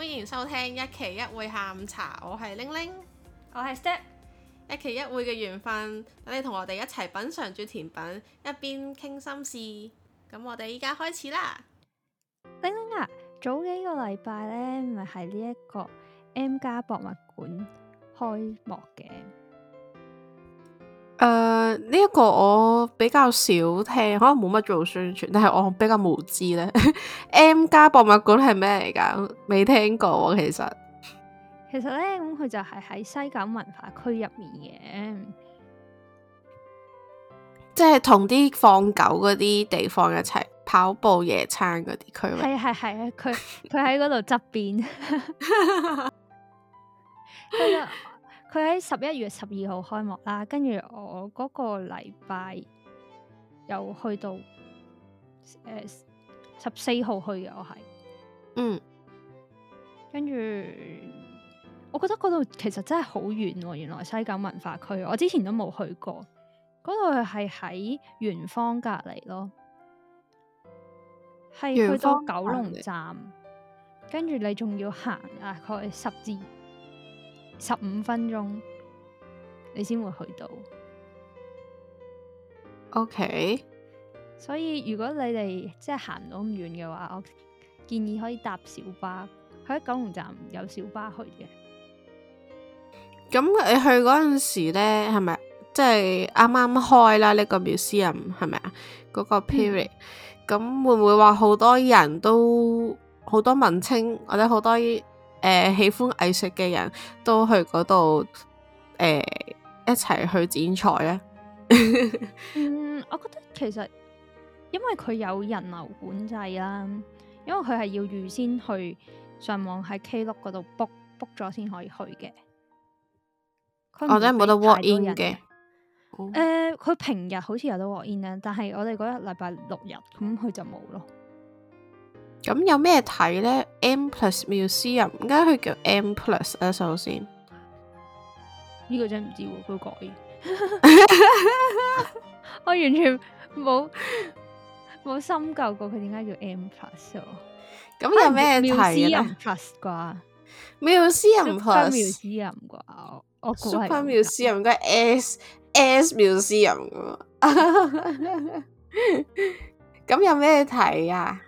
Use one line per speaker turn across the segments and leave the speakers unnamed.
歡迎收聽一期一會下午茶，我係玲玲，我係 Step，一期一會嘅緣分，等你同我哋一齊品嘗住甜品，一邊傾心事。咁我哋依家開始啦。
玲玲啊，早幾個禮拜咧，咪係呢一個 M+ 博物館開幕嘅。
誒，呢一、uh, 個我比較少聽，可能冇乜做宣傳，但係我比較無知咧。 M+ 博物館係咩嚟噶？未聽過其實。
其實咧，咁佢就係喺西九文化區入面嘅，
即係同啲放狗嗰啲地方一齊跑步、野餐嗰啲區域。係
係係啊，佢佢喺嗰度側邊。佢喺十一月十二號開幕啦，跟住我嗰個禮拜又去到誒，十四號去嘅，我係嗯，跟住我覺得嗰度其實真係好遠，原來西九文化區，我之前都冇去過，嗰度係喺圓方隔籬咯，係去到九龍站，跟住你仲要行啊，約十字。十五分鐘，你先會去到。
OK，
所以如果你哋即係行到咁遠嘅話，我建議可以搭小巴，喺九龍站有小巴去嘅。
咁你去嗰陣時呢，係咪即係啱啱開啦？呢、這個 museum 係咪啊？嗰、那個 period，咁、嗯、會唔會話好多人都好多文青或者好多？誒、呃，喜歡藝術嘅人都去嗰度誒一齊去剪彩啊！ 嗯，
我覺得其實因為佢有人流管制啦，因為佢係要預先去上網喺 K 禄嗰度 book book 咗先可以去嘅。
我真係冇得 work in 嘅。
誒、哦，佢、呃、平日好似有得 work in 啊，但係我哋嗰日，例拜
六日咁，佢就冇咯。咁有咩睇咧？M plus Museum，點解佢叫 M plus 啊？首先呢個真唔知喎，佢改，我完全冇
冇深究過佢點解叫 M plus。咁有咩睇啊？Museum plus 啩
？Museum plus Museum 啩？我我，super Museum 應該 S S Museum 噶嘛？咁有咩睇啊？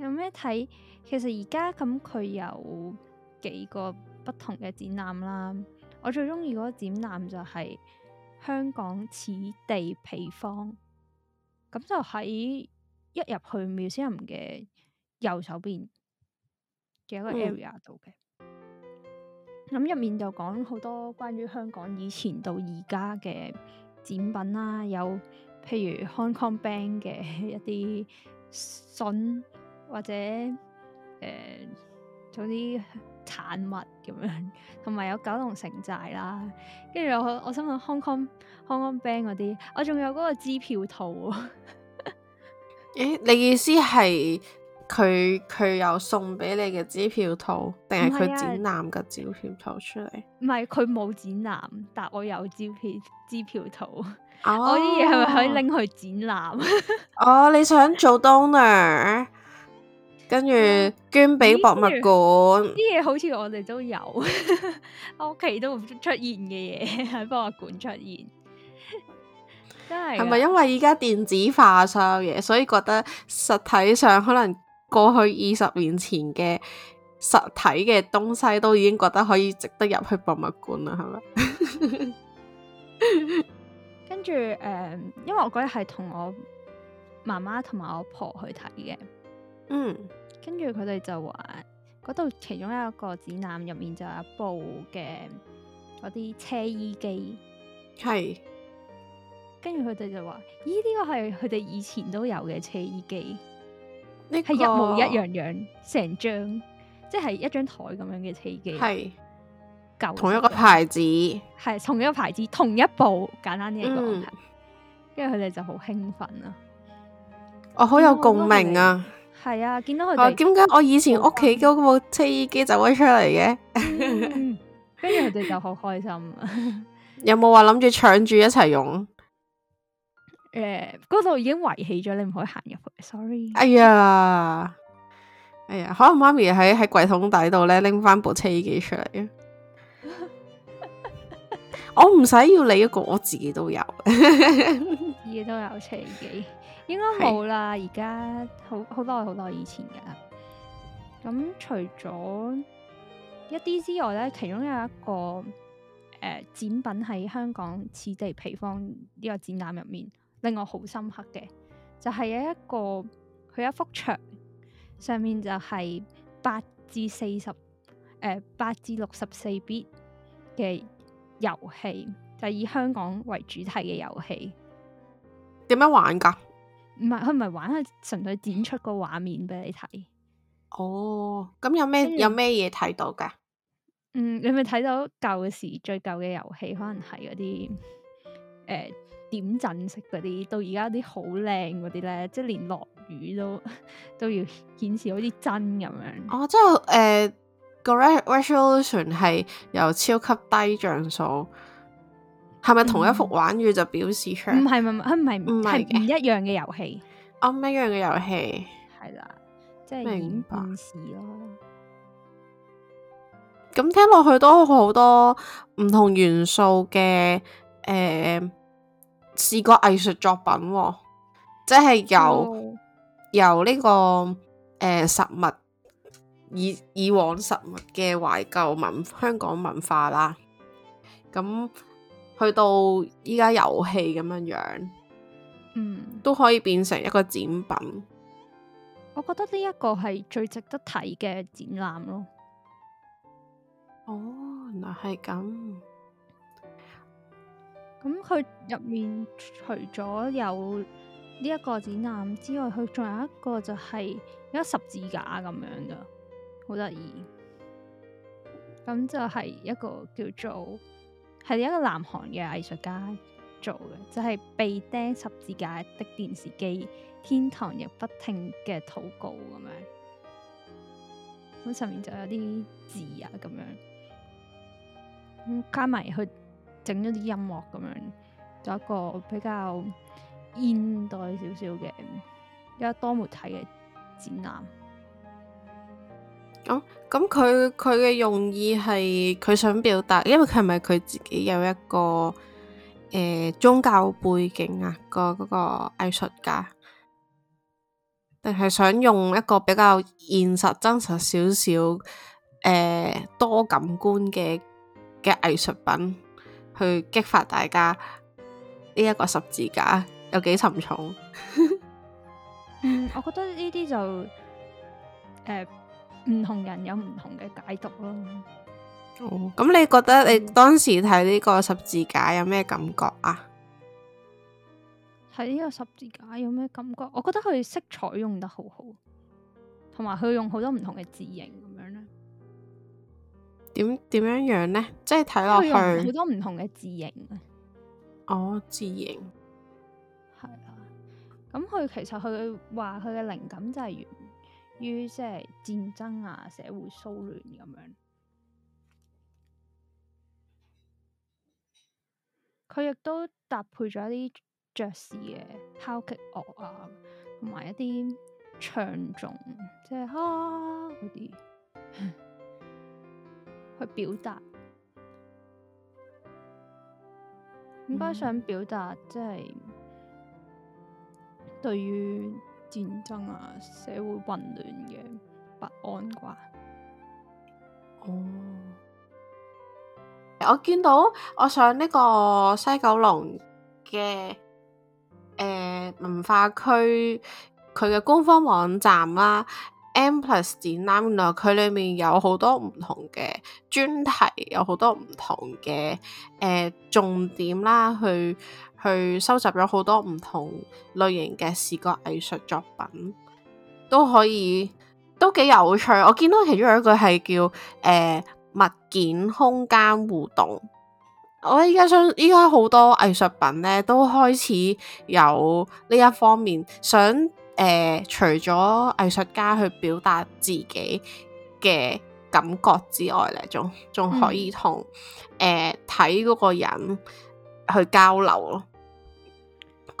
有咩睇？其實而家咁佢有幾個不同嘅展覽啦。我最中意嗰個展覽就係香港此地彼方，咁就喺一入去 Museum 嘅右手邊嘅一個 area 度嘅。咁入、嗯、面就講好多關於香港以前到而家嘅展品啦，有譬如 Hong Kong Bank 嘅一啲信。或者誒、呃、做啲產物咁樣，同埋有九龍城寨啦，跟住我我想問 Hong Kong Hong Kong Bank 嗰啲，我仲有嗰個支票套
啊、哦欸！你意思係佢佢有送俾你嘅支票套，定係佢展覽嘅支票套出嚟？
唔係、啊，佢冇展覽，但我有支票支票套。哦、我啲嘢係咪可以拎去展覽？
哦， 哦，你想做 donor？跟住捐俾博物館，啲
嘢 好似我哋都有，屋 企都唔出現嘅嘢喺博物館出現， 真係係咪因
為依家電子化所有嘢，所以覺得實體上可能過去二十年前嘅實體嘅東西都已經覺得可以值得入去博物館啦？係咪？
跟住誒、呃，因為我嗰日係同我媽媽同埋我婆去睇嘅，嗯。跟住佢哋就話，嗰度其中一個展覽入面就有一部嘅嗰啲車衣機，係是。跟住佢哋就話：咦，呢個係佢哋以前都有嘅車衣機，呢係、這個、一模一樣樣，成張即係一張台咁樣嘅車衣機，係舊是舊的 同一個牌子，係同一個牌子，同一部簡單啲一個，跟住佢哋就好興奮啊！
我好有共鳴啊！
係啊，見到佢哋、哦。點解我以前屋企
嗰部車衣機、 嗯、走開出嚟
嘅？跟住佢哋就好開心。
有冇話諗住搶住一齊用？
誒、呃，嗰度已經遺棄咗，你唔可以行入去。Sorry。
哎呀，哎呀，可能媽咪喺喺櫃桶底度咧拎翻部車衣機出嚟啊！ 我唔使要你一個，我自己都有， 自己
都有車衣機。應該冇啦，而家是好好耐好耐以前噶啦。咁除咗一啲之外咧，其中有一個誒、呃、展品喺香港此地彼方呢個展覽入面，令我好深刻嘅，就係、是、有一個佢一幅牆上面就係八至四十誒八至六十四 bit 嘅遊戲，就是、以香港為主題嘅遊戲。
點樣玩噶？唔
係佢唔係玩，佢純粹展出個畫面俾你睇。哦，咁有咩為有咩
嘢睇到㗎？嗯，
你咪睇到舊時最舊嘅遊戲，可能係嗰啲誒點陣式嗰啲，到而家啲好靚嗰啲咧，即係連落雨都都要顯示好似真咁樣。
哦，即係誒、呃嗰個 resolution 係由超級低像素。係咪同一幅玩具就表示出？唔係
唔唔唔係唔係唔一樣嘅遊戲，
唔一、啊、樣嘅遊戲係啦，即係暗示咯。咁聽落去都好多唔同元素嘅誒、呃，視覺藝術作品、哦，即係由、哦、由呢、這個誒、呃、實物以以往實物嘅懷舊文香港文化啦，咁。去到依家遊戲咁樣樣，嗯，都可以變成一個展品。
我覺得呢一個係最值得睇嘅展覽咯。哦，原來係咁。咁佢入面除咗有呢一個展覽之外，佢仲有一個就係有十字架咁樣㗎，好得意。咁就係一個叫做。係一個南韓嘅藝術家做嘅，就係、是、被釘十字架的電視機天堂，亦不停嘅禱告咁樣。咁上面就有啲字啊，咁樣加埋佢整咗啲音樂咁樣，做一,一個比較現代少少嘅一，點點有一個多媒體嘅展覽。
咁咁佢佢嘅用意係佢想表達，因為佢係咪佢自己有一個誒、呃、宗教背景啊？嗰個嗰、嗰個藝術家，定係想用一個比較現實真實少少誒多感官嘅嘅藝術品去激發大家呢一、呢個十字架有幾沉重、 嗯？
我覺得呢啲就誒。呃唔同人有唔同嘅解讀咯。哦，
咁你覺得你當時睇呢個十字架有咩感覺啊？
睇呢個十字架有咩感覺？我覺得佢色彩用得好好，同埋佢用好多唔同嘅字形。咁樣咧？
點點樣樣咧？即係睇落去好多
唔同嘅字型。
哦，字形？
係啊。咁佢其實佢話佢嘅靈感就係於即係戰爭啊、社會騷亂咁樣，佢亦都搭配咗一啲爵士嘅敲擊樂啊，同埋一啲唱誦即係哈嗰啲去表達，應該想表達、嗯、即係對於。戰爭啊，社會混亂
嘅不安啩。哦，oh。我見到我上呢個西九龍嘅誒、呃、文化區佢嘅官方網站啦、啊，M+ 展覽佢裏面有好多唔同嘅專題，有好多唔同嘅誒、呃、重點啦，去。去收集咗好多唔同類型嘅視覺藝術作品，都可以都幾有趣。我見到其中有一句係叫誒、呃、物件空間互動。我依家想依家好多藝術品咧都開始有呢一方面想，想、呃、誒除咗藝術家去表達自己嘅感覺之外咧，仲仲可以同誒睇嗰個人去交流咯。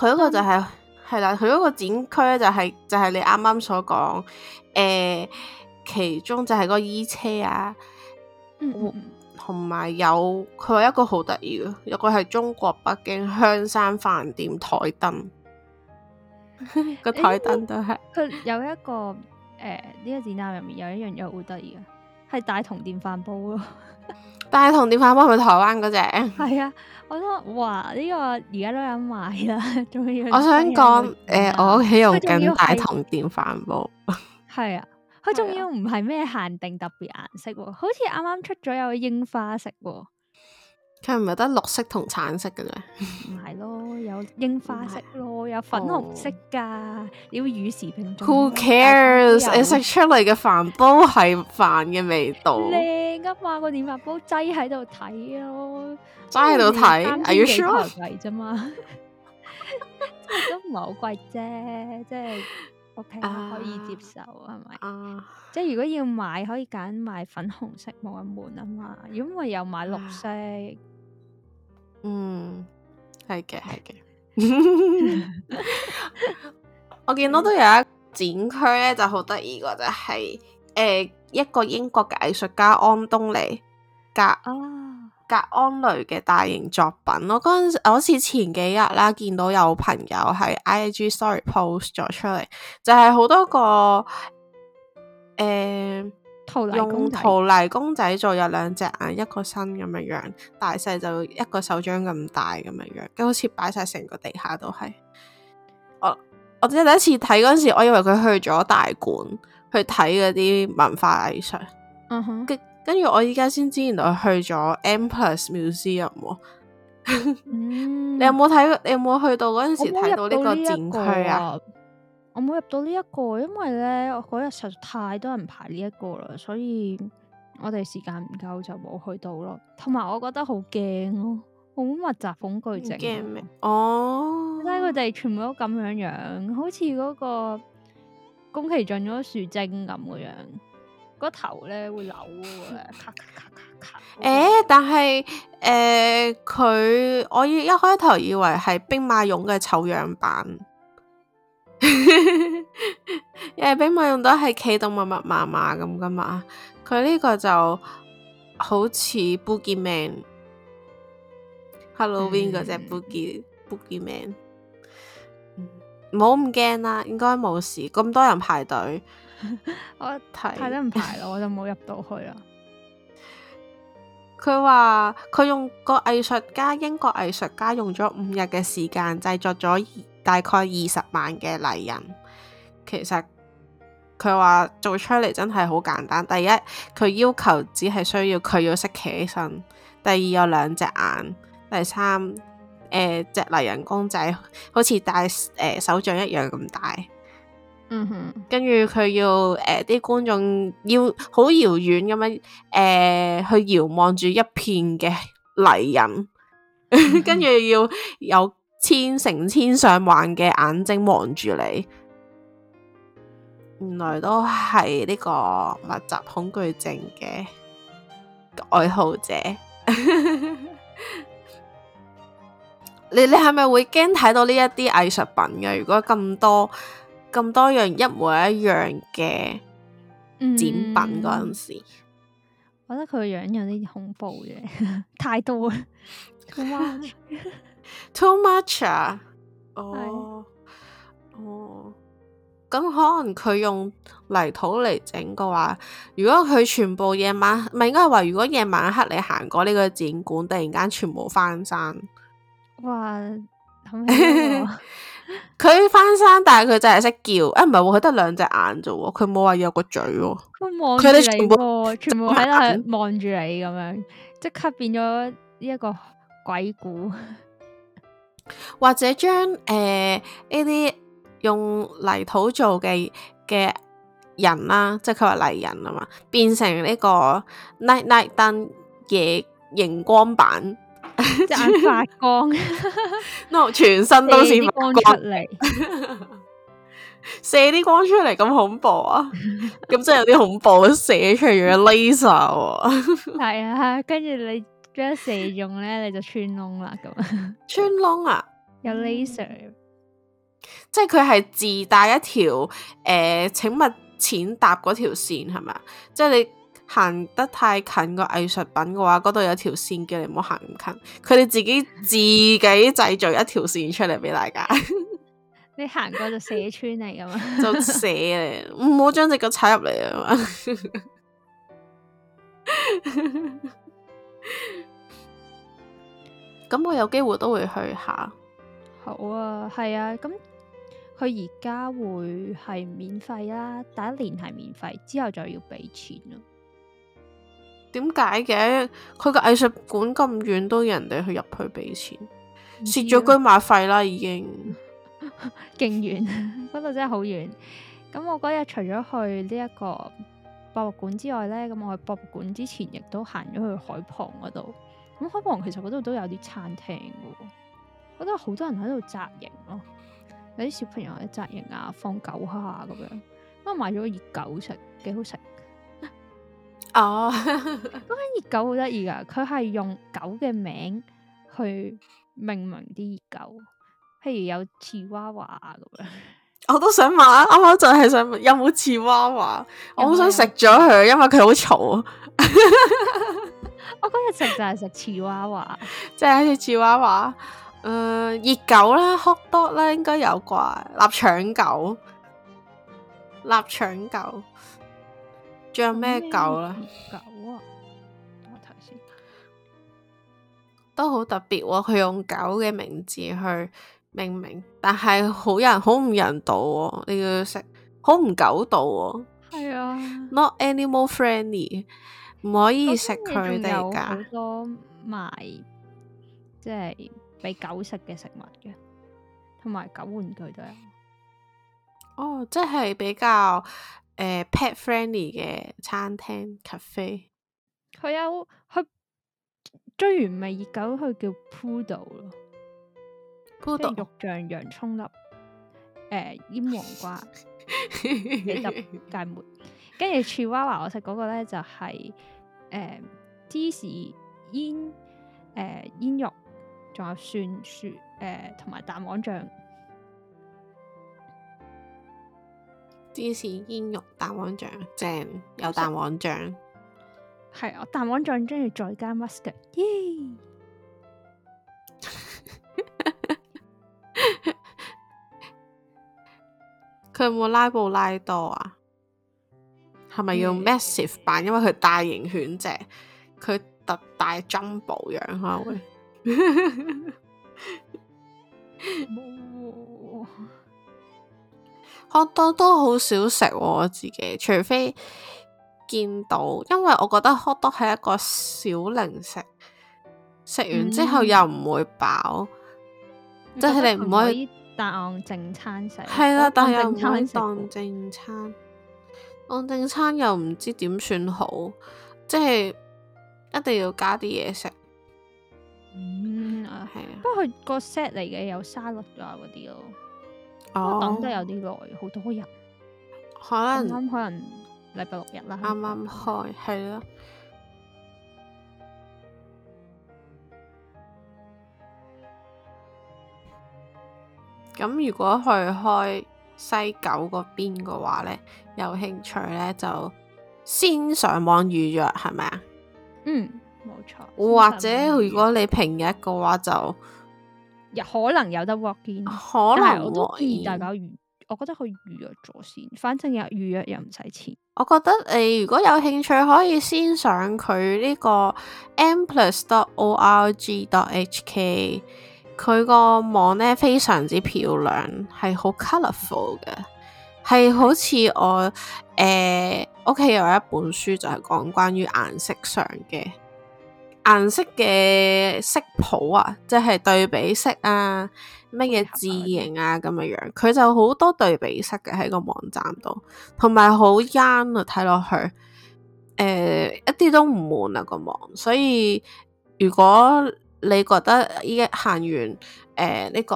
佢嗰個就係係啦，佢嗰、嗯、個展區咧就係、是、就係、是、你啱啱所講，誒、欸、其中就係嗰個衣車啊，同埋、嗯嗯嗯、有佢話一個好得意嘅，有一個係中國北京香山飯店台燈，個 台燈都係
佢有一個誒呢、呃這個展覽入面有一樣嘢好得意嘅。係大同電飯煲咯，
大 同電飯煲係咪台灣嗰隻？係 啊，我
都哇呢、呢個而家都有賣啦，仲要看看我想講
誒、呃呃，我屋企用緊大同電飯煲，
係 啊，佢仲要唔係咩限定特別顏色喎，好似啱啱出咗有櫻花色喎。
佢係咪得綠色同橙色嘅啫，唔
係咯， 有櫻花色咯，有粉紅色噶，要與時並
進。Who cares？你食出嚟嘅飯都係飯嘅味道。
靚啊嘛，個電飯煲擠喺度睇咯，擠喺度睇，are you sure？幾台幣啫嘛，都唔係好貴啫，即係 OK 可以接受，係咪、uh,？Uh, 即係如果要買，可以揀買粉紅色冇咁悶啊嘛，如果我又買綠色。
嗯，係嘅，係嘅。 我見到都有一個展區咧，就好得意個就係、是、誒、呃、一個英國嘅藝術家安東尼格格安雷嘅大型作品咯。嗰陣時好似前幾日啦、啊，見到有朋友喺 IG Story post 咗出嚟，就係、是、好多個誒。呃用陶泥公仔做，有兩隻眼，一個身咁樣樣，大細就一個手掌咁大咁樣樣，跟住好似擺晒成個地下都係。我我即係第一次睇嗰陣時，我以為佢去咗大館去睇嗰啲文化藝術。嗯、哼跟跟住我依家先知原來去咗 M+ Museum。你有冇睇？你有冇去到嗰陣時睇到呢個展區啊？嗯
冇入到呢、這、一個，因為咧嗰日實在太多人排呢一個啦，所以我哋時間唔夠就冇去到咯。同埋我覺得好驚咯，好密集恐懼症哦！因為佢哋全部都咁樣樣，好似嗰個宮崎駿咗個樹精咁嘅樣，個頭咧會扭咔咔
咔誒，但係誒，佢、呃、我一開頭以為係兵馬俑嘅醜樣版。又係兵馬俑都係企到密密麻麻咁噶嘛？佢呢個就好似 Boogeyman Hallow een 嗰隻 Boogie Boogeyman，唔好咁驚啦，應該冇事。咁多人排隊， 我睇排都唔
排咯， 我就冇入到去啦。
佢話佢用個藝術家，英國藝術家用咗五日嘅時間製作咗。大概二十萬嘅泥人，其實佢話做出嚟真係好簡單。第一，佢要求只係需要佢要識企起身；第二，有兩隻眼；第三，誒、呃，隻泥人公仔好似大誒手掌一樣咁大。跟住佢要誒啲、呃、觀眾要好遙遠咁樣誒去遙望住一片嘅泥人，跟住、嗯、哼 要有。千成千上萬嘅眼睛望住你，原來都係呢個密集恐懼症嘅愛好者 你。你你係咪會驚睇到呢一啲藝術品嘅？如果咁多咁 多樣一模一樣嘅
展品嗰陣時，嗯，我覺得佢個樣有啲恐怖嘅，太多啦！哇！
Too much 啊！哦哦，咁可能佢用泥土嚟整嘅話，如果佢全部夜晚，唔係應該係話，如果夜晚黑你行過呢個展館，突然間全部翻山，哇佢、啊、 翻山，但係佢就係識叫，誒唔係，佢得兩隻兩隻眼啫喎，佢冇話有個嘴喎，
佢哋、啊、全部 全部喺度望住你咁樣，即 刻變咗一個鬼故。
或者將誒呢啲用泥土做嘅嘅人啦，即係佢話泥人啊嘛，變成呢個 night night 燈嘅熒光板，隻眼發光 ，no 全身都射啲光， 光出嚟，射啲光出嚟咁恐怖啊！咁真係有啲恐怖，射出嚟用 laser
啊！係 啊，跟住、啊、 你。如果射中咧，你就穿窿啦咁。穿窿啊，有 laser，
即係佢係自帶一條誒、呃，請勿淺踏嗰條線係咪？即係你行得太近個藝術品嘅話，嗰度有條線叫你唔好行咁近。佢哋自己自己製造一條線出嚟俾大家。
你行過就射穿嚟噶嘛？ 就射
啊！唔好將隻腳踩入嚟啊！ 咁我有機會都會去下。
好啊，係啊，咁佢而家會係免費啦，第一年係免費，之後就要俾錢咯。
點解嘅？佢個藝術館咁遠，都人哋去入去俾錢，蝕咗、啊、車馬費啦，已經勁遠，
嗰度 超遠 真係好遠。咁我嗰日除咗去呢一個博物館之外呢，咁我去博物館之前亦都行咗去海旁嗰度。咁海旁其實嗰度都有啲餐廳
嘅，
覺得好多人喺度紮營咯，有啲小朋友喺紮營啊，放狗下咁樣，不過買咗個熱狗食，幾好食。哦、oh. 嗰間熱狗好得意噶，佢係用狗嘅名去命名啲熱狗，譬如有芝娃娃咁樣，
我都想買。啱啱就係想問有冇芝娃娃，有有我好想食咗佢，因為佢好嘈。 我嗰日食就係食芝娃娃，即係好似芝娃娃，誒、呃，熱狗啦，hot dog 啦，應該有啩，臘腸狗，臘腸狗，仲有咩狗咧？狗啊！
我頭先，
都好特別喎，佢用狗嘅名字去命名，但係好人好唔人道喎、哦，你要食好唔狗道喎、哦，係啊，not animal friendly。唔可以食佢哋噶。好
多賣，
即係
畀狗食嘅食物嘅，同埋狗玩具都有。
哦，即係比較誒、呃、pet friendly 嘅餐廳 cafe。佢有佢追完唔係熱狗，佢叫 poodle
咯獨。poodle 肉醬洋蔥粒，誒、呃、醃黃瓜，幾粒芥末。跟住 Chihuahua，我食嗰個咧就係誒芝士煙誒煙肉，仲有
蒜蒜誒同埋蛋黃醬，芝士煙、呃、肉、呃、蛋黃醬正，有蛋黃醬
係啊， 我蛋黃醬中意再加 mascarpone 耶！
佢 有冇拉布拉多啊？係咪用 massive 版？因為佢大型犬隻，佢特大 jumbo 樣可能會。冇。hot dog 都好少食喎，啊，我自己除非見到，因為我覺得 hot dog 係一個小零食，食完之後又唔會飽，即係、嗯、你唔可，可以
當正餐食。係啦了，但又唔可以當
正餐。按正餐又唔知點算好，即係一定要加啲嘢食。嗯，係 啊、嗯。
不過佢個 set 嚟嘅，有沙律啊嗰啲咯。哦。
我等得有啲
耐，好多人。可能，可能可能禮拜六日啦。啱啱開，係咯。
咁如果去開？西九嗰邊嘅話咧，有興趣咧就先上網預約，係咪啊？嗯，
冇錯。
或者如果你平日嘅話就，
可能有得 walk-in，可能我都建議大家預，我覺得可以預約咗先，反正又預約又唔使錢。
我覺得你如果有興趣，可以先上佢呢個 mplus.org.hk。佢個網咧非常之漂亮，係好 colourful 嘅，係好似我誒屋企有一本書就係講關於顏色上嘅顏色嘅色譜啊，即係對比色啊，乜嘢字形啊咁樣樣，佢就好多對比色嘅喺個網站度，同埋好啱啊，睇落去誒一啲都唔悶啊，個網，所以如果。你覺得依家行完誒呢、呃這個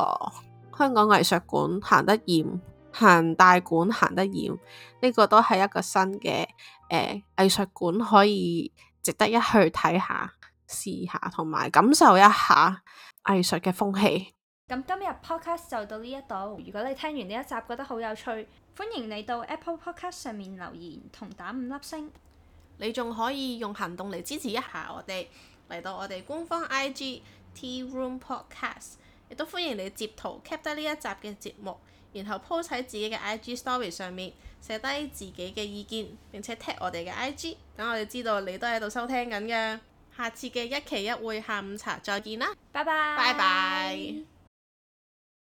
香港藝術館行得厭，行大館行得厭，呢、這個都係一個新嘅誒藝術館可以值得一去睇下、試下同埋感受一下藝術嘅風氣。
咁今日 podcast 就到呢一度，如果你聽完呢一集覺得好有趣，
歡迎你到 Apple Podcast 上面留言同打五粒星。你仲可以用行動嚟支持一下我哋。嚟到我哋官方 IG Tea Room Podcast，亦都歡迎你截圖 cap 得呢一集嘅節目，然後 po 喺自己嘅 IG Story 上面，寫低自己嘅意見，並且 tag 我哋嘅 IG，等我哋知道你都喺度收聽緊嘅。下次嘅一期一會下午茶，再見啦，拜拜，拜拜。